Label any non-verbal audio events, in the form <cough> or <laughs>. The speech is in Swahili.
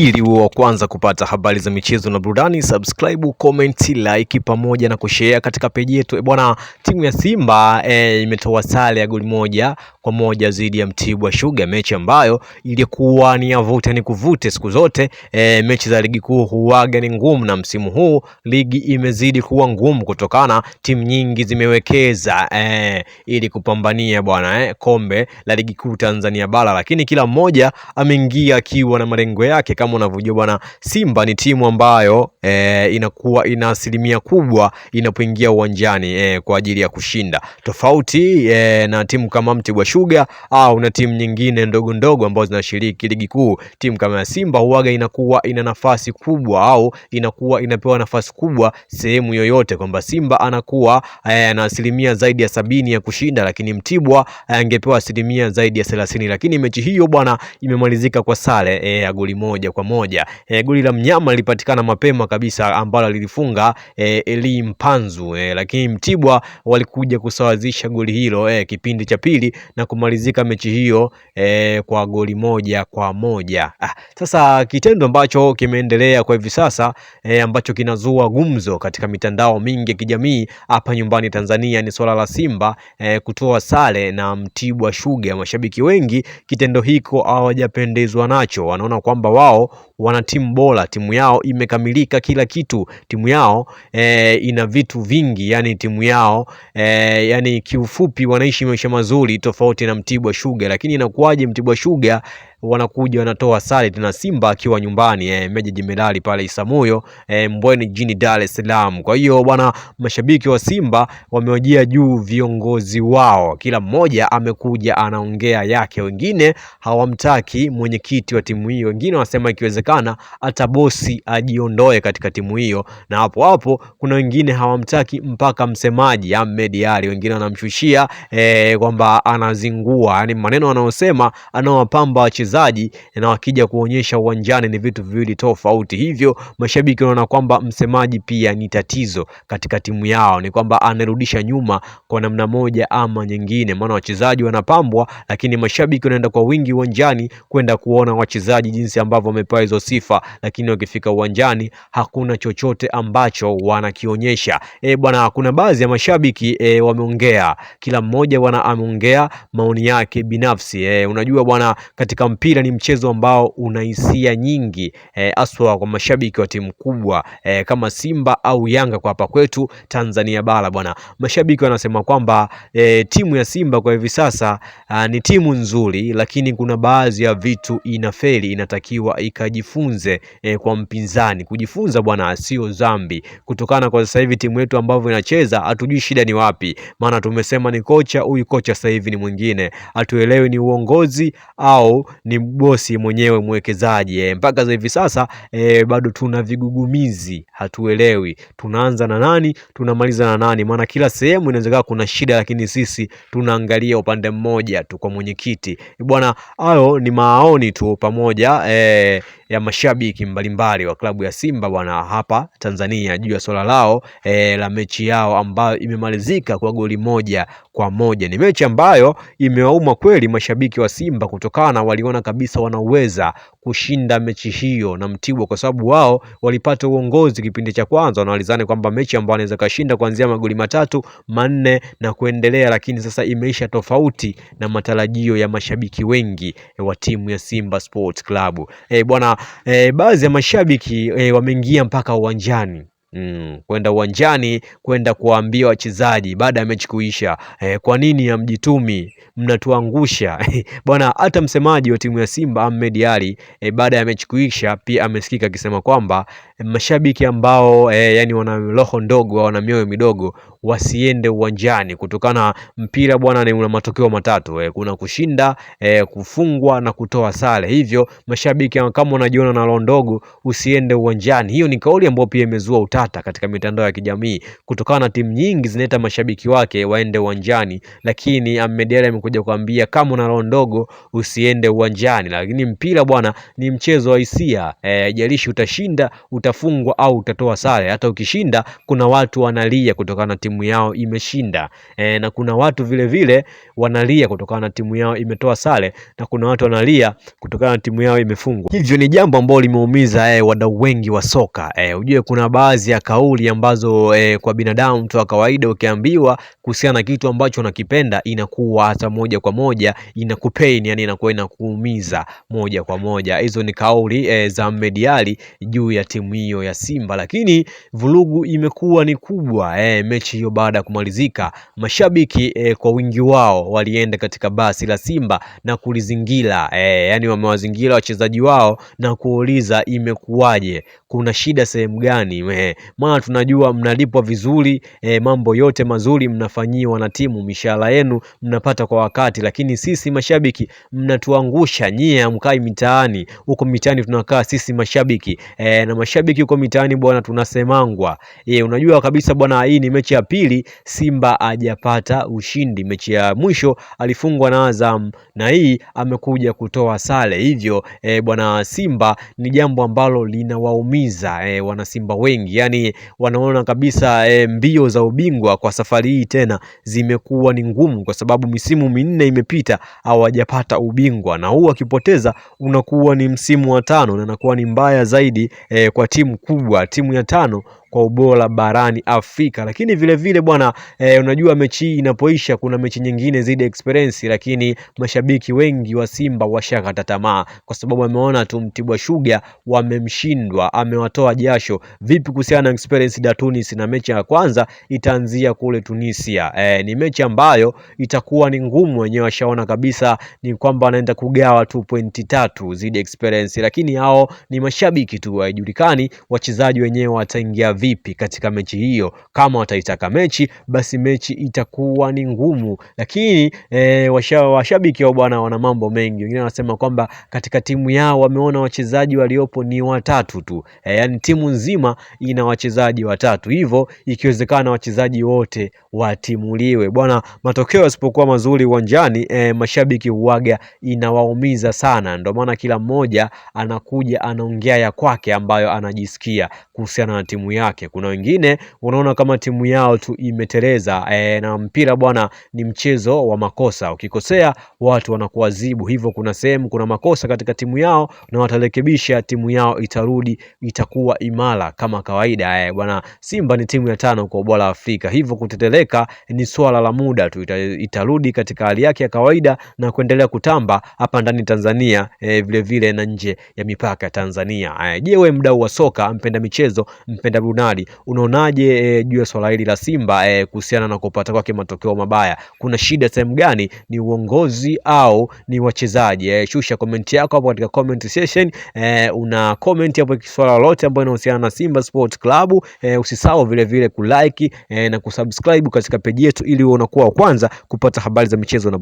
Ili uwe wa kwanza kupata habari za michezo na burudani, subscribe, comment, like pamoja na kushare katika peji yetu. E bwana, timu ya Simba e, imetoa sare ya goli moja kwa moja dhidi ya Mtibwa Sugar, mechi ambayo ilikuwa ni yavuta ni kuvute siku zote. E, mechi za ligi kuu huwaga ni ngumu, na msimu huu ligi imezidi kuwa ngumu kutokana timu nyingi zimewekeza e, ili kupambania bwana e, kombe la ligi kuu Tanzania bara, lakini kila mmoja ameingia akiwa na malengo yake kama unavyojua bwana, Simba ni timu ambayo e, inakuwa ina asilimia kubwa inapoingia uwanjani e, kwa ajili ya kushinda, tofauti e, na timu kama Mtibwa Sugar au na timu nyingine ndogo ndogo ambazo zinashiriki ligi kuu. Timu kama ya Simba huaga inakuwa ina nafasi kubwa au inakuwa inapewa nafasi kubwa sehemu yoyote, kwamba Simba anakuwa e, na asilimia zaidi ya sabini ya kushinda, lakini Mtibwa angepewa asilimia zaidi ya thelathini. Lakini mechi hiyo bwana imemalizika kwa sare ya e, goli moja kwa moja. E, goli la mnyama lilipatikana mapema kabisa ambalo lilifunga e, eh, Eli Mpanzu e, eh, lakini Mtibwa walikuja kusawazisha goli hilo e, kipindi cha pili na kumalizika mechi hiyo e, kwa goli moja kwa moja. Ah, sasa kitendo ambacho kimeendelea kwa hivi sasa e, ambacho kinazua gumzo katika mitandao mingi ya kijamii hapa nyumbani Tanzania ni swala la Simba e, kutoa sare na Mtibwa Sugar. Mashabiki wengi kitendo hiko hawajapendezwa nacho, wanaona kwamba wao wana timu bora, timu yao imekamilika kila kitu, timu yao e, ina vitu vingi, yani timu yao e, yani kiufupi wanaishi maisha mazuri, tofauti na Mtibwa Sugar. Lakini inakuwaje Mtibwa Sugar wanakuja wanatoa sare tena Simba akiwa nyumbani eh, Meja Jenerali pale Isamuyo eh, Mbweni jijini Dar es Salaam. Kwa hiyo bwana, mashabiki wa Simba wamewajia juu viongozi wao, kila mmoja amekuja anaongea yake, wengine hawamtaki mwenyekiti wa timu hiyo, wengine wanasema ikiwezekana hata bosi ajiondoe katika timu hiyo, na hapo hapo kuna wengine hawamtaki mpaka msemaji Ahmed Ali, wengine wanamshushia eh, kwamba anazingua, yani maneno anayosema anawapamba wachezaji wachezaji na wakija kuonyesha uwanjani ni vitu viwili tofauti. Hivyo mashabiki wanaona kwamba msemaji pia ni tatizo katika timu yao, ni kwamba anarudisha nyuma kwa namna moja ama nyingine, maana wachezaji wanapambwa, lakini mashabiki wanaenda kwa wingi uwanjani kwenda kuona wachezaji jinsi ambavyo wamepewa hizo sifa, lakini wakifika uwanjani hakuna chochote ambacho wanakionyesha. E, bwana, kuna baadhi ya mashabiki e, wameongea, kila mmoja bwana ameongea maoni yake binafsi. E, unajua bwana katika mpira ni mchezo ambao una hisia nyingi eh, haswa e, kwa mashabiki wa timu kubwa e, kama Simba au Yanga kwa hapa kwetu Tanzania bara bwana. Mashabiki wanasema kwamba e, timu ya Simba kwa hivi sasa a, ah, ni timu nzuri, lakini kuna baadhi ya vitu inafeli, inatakiwa ikajifunze e, kwa mpinzani. Kujifunza bwana sio dhambi. Kutokana kwa sasa hivi timu yetu ambavyo inacheza, hatujui shida ni wapi, maana tumesema ni kocha huyu, kocha sasa hivi ni mwingine, hatuelewi ni uongozi au ni bosi mwenyewe mwekezaji eh. mpaka hivi sasa eh, bado tuna vigugumizi, hatuelewi tunaanza na nani tunamaliza na nani, maana kila sehemu inawezekana kuna shida, lakini sisi tunaangalia upande mmoja tu kwa mwenyekiti bwana. Hayo ni maoni tu pamoja eh, ya mashabiki mbalimbali wa klabu ya Simba bwana hapa Tanzania juu ya swala lao e, la mechi yao ambayo imemalizika kwa goli moja kwa moja. Ni mechi ambayo imewauma kweli mashabiki wa Simba kutokana, waliona kabisa wanaweza kushinda mechi hiyo na Mtibwa, kwa sababu wao walipata uongozi kipindi cha kwanza, wanaalizana kwamba mechi ambayo anaweza kashinda kuanzia magoli matatu manne na kuendelea, lakini sasa imeisha tofauti na matarajio ya mashabiki wengi wa timu ya Simba Sports Club e, bwana e, baadhi ya mashabiki e, wameingia mpaka uwanjani. Mm, kwenda uwanjani kwenda kuwaambia wachezaji baada ya mechi kuisha eh, kwa nini hamjitumi? Mnatuangusha <laughs> bwana. Hata msemaji wa timu ya Simba Ahmed Ali eh, baada ya mechi kuisha pia amesikika akisema kwamba eh, mashabiki ambao eh, yani wana roho ndogo wana mioyo midogo wasiende uwanjani kutokana mpira bwana, ni una matokeo matatu eh, kuna kushinda eh, kufungwa na kutoa sare. Hivyo mashabiki kama unajiona na roho ndogo usiende uwanjani. Hiyo ni kauli ambayo pia imezua utata kupata katika mitandao ya kijamii kutokana na timu nyingi zinaita mashabiki wake waende uwanjani, lakini Ahmed Ally amekuja kuambia kama una roho ndogo usiende uwanjani. Lakini mpira bwana, ni mchezo wa hisia e, jalishi utashinda, utafungwa au utatoa sare. Hata ukishinda, kuna watu wanalia kutokana na timu yao imeshinda e, na kuna watu vile vile wanalia kutokana na timu yao imetoa sare, na kuna watu wanalia kutokana na timu yao imefungwa. Hivyo ni jambo ambalo limeumiza e, wadau wengi wa soka e, ujue kuna baadhi ya kauli ambazo e, kwa binadamu mtu wa kawaida ukiambiwa kuhusiana na kitu ambacho unakipenda inakuwa hata moja kwa moja inakupain, yani inakuwa inakuumiza moja kwa moja. Hizo ni kauli e, za Mediali juu ya timu hiyo ya Simba, lakini vurugu imekuwa ni kubwa e, mechi hiyo baada ya kumalizika, mashabiki e, kwa wingi wao walienda katika basi la Simba na kulizingira e, yani wamewazingira wachezaji wao na kuuliza imekuwaje, kuna shida sehemu gani? Mehe, maana tunajua mnalipwa vizuri e, mambo yote mazuri mnafanyiwa na timu, mishahara yenu mnapata kwa wakati, lakini sisi mashabiki mnatuangusha nyie. Amkai mitaani huko, mitaani tunakaa sisi mashabiki e, na mashabiki huko mitaani bwana tunasemangwa e, unajua kabisa bwana, hii ni mechi ya pili Simba hajapata ushindi. Mechi ya mwisho alifungwa na Azam na hii amekuja kutoa sare, hivyo e, bwana Simba ni jambo ambalo linawaumiza e, wanasimba wengi yani wanaona kabisa e, mbio za ubingwa kwa safari hii tena zimekuwa ni ngumu, kwa sababu misimu minne imepita hawajapata ubingwa, na huu akipoteza unakuwa ni msimu wa tano na inakuwa ni mbaya zaidi e, kwa timu kubwa, timu ya tano kwa ubora barani Afrika. Lakini vile vile bwana e, unajua mechi hii inapoisha, kuna mechi nyingine zaidi experience, lakini mashabiki wengi wa Simba washakata tamaa kwa sababu wameona tu Mtibwa Sugar wamemshindwa, amewatoa jasho. Vipi kuhusiana na experience da Tunis? Na mechi ya kwanza itaanzia kule Tunisia. E, ni mechi ambayo itakuwa ni ngumu, wenyewe washaona kabisa ni kwamba wanaenda kugawa tu pointi tatu zidi experience, lakini hao ni mashabiki tu, haijulikani wachezaji wenyewe wataingia vipi katika mechi hiyo. Kama wataitaka mechi, basi mechi itakuwa ni ngumu, lakini e, washabiki wa bwana wana mambo mengi. Wengine wanasema kwamba katika timu yao wameona wachezaji waliopo ni watatu tu e, yani timu nzima ina wachezaji watatu, hivyo ikiwezekana wachezaji wote watimuliwe bwana. Matokeo yasipokuwa mazuri uwanjani e, mashabiki huaga, inawaumiza sana, ndio maana kila mmoja anakuja anaongea ya kwake ambayo anajisikia kuhusiana na timu yake yake. Kuna wengine unaona kama timu yao tu imetereza e, na mpira bwana ni mchezo wa makosa. Ukikosea watu wanakuadhibu. Hivyo kuna sehemu kuna makosa katika timu yao na watarekebisha, timu yao itarudi itakuwa imara kama kawaida. E, bwana Simba ni timu ya tano kwa ubora Afrika, hivyo kuteteleka ni swala la muda tu, itarudi katika hali yake ya kawaida na kuendelea kutamba hapa ndani Tanzania e, vile vile na nje ya mipaka ya Tanzania. E, je, wewe mdau wa soka, mpenda michezo, mpenda burudani fainali. Unaonaje e, juu ya swala hili la Simba e, kuhusiana na kupata kwake matokeo mabaya? Kuna shida sehemu gani? Ni uongozi au ni wachezaji? E, shusha comment yako hapo katika comment section e, una comment hapo swala lolote ambalo linahusiana na Simba Sports Club e, usisahau vile vile kulike e, na kusubscribe katika peji yetu ili uwe unakuwa wa kwanza kupata habari za michezo na